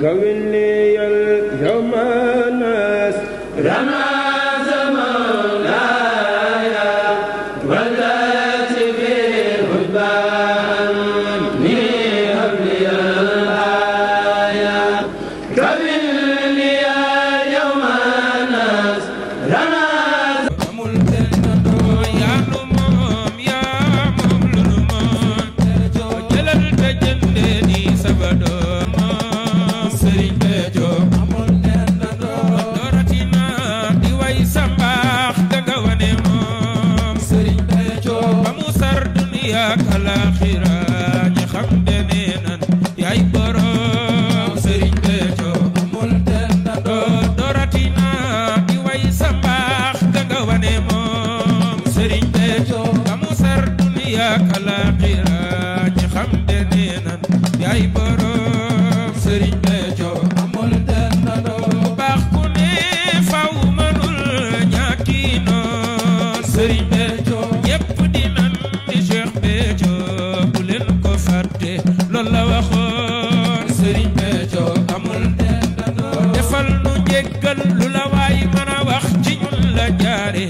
كوني اليوم ناس ak alaaxira jéggal lu la waay mën a wax ci ñun la jaare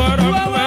But I'm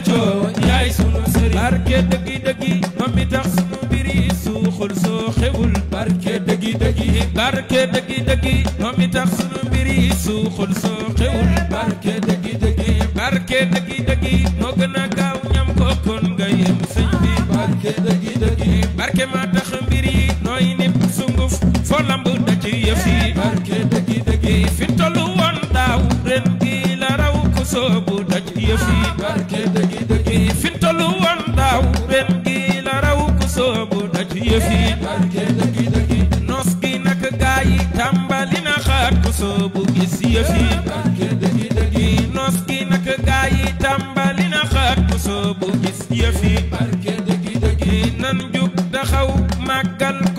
Béthio yaay sunu sëriñ barke dëggi dëggi moom mi tax sunu mbiri suuxul soo xewul barke dëggi dëggi barke dëggi dëggi moom mi tax sunu mbiri suuxul soo xewul barke dëggi dëggi barke dëggi dëggi moo gën a gaaw ñam ko kon nga yem sëñ bi barke dëggi dëggi barke maa tax mbiri nooy nit sunguf foo lamb da ci yëf yi barke dëggi dëggi fi tollu woon daaw ren gi la raw ku soobu daj yëf yi barke dëggi yëf yi dëggi dëggi nos gi nag gaa yi tàmbali na xaat ku soobu gis yëf yi dëggi dëggi nos gi nag gaa yi tàmbali na xaat ku soobu gis yëf yi dëggi dëggi nan jug taxaw màggal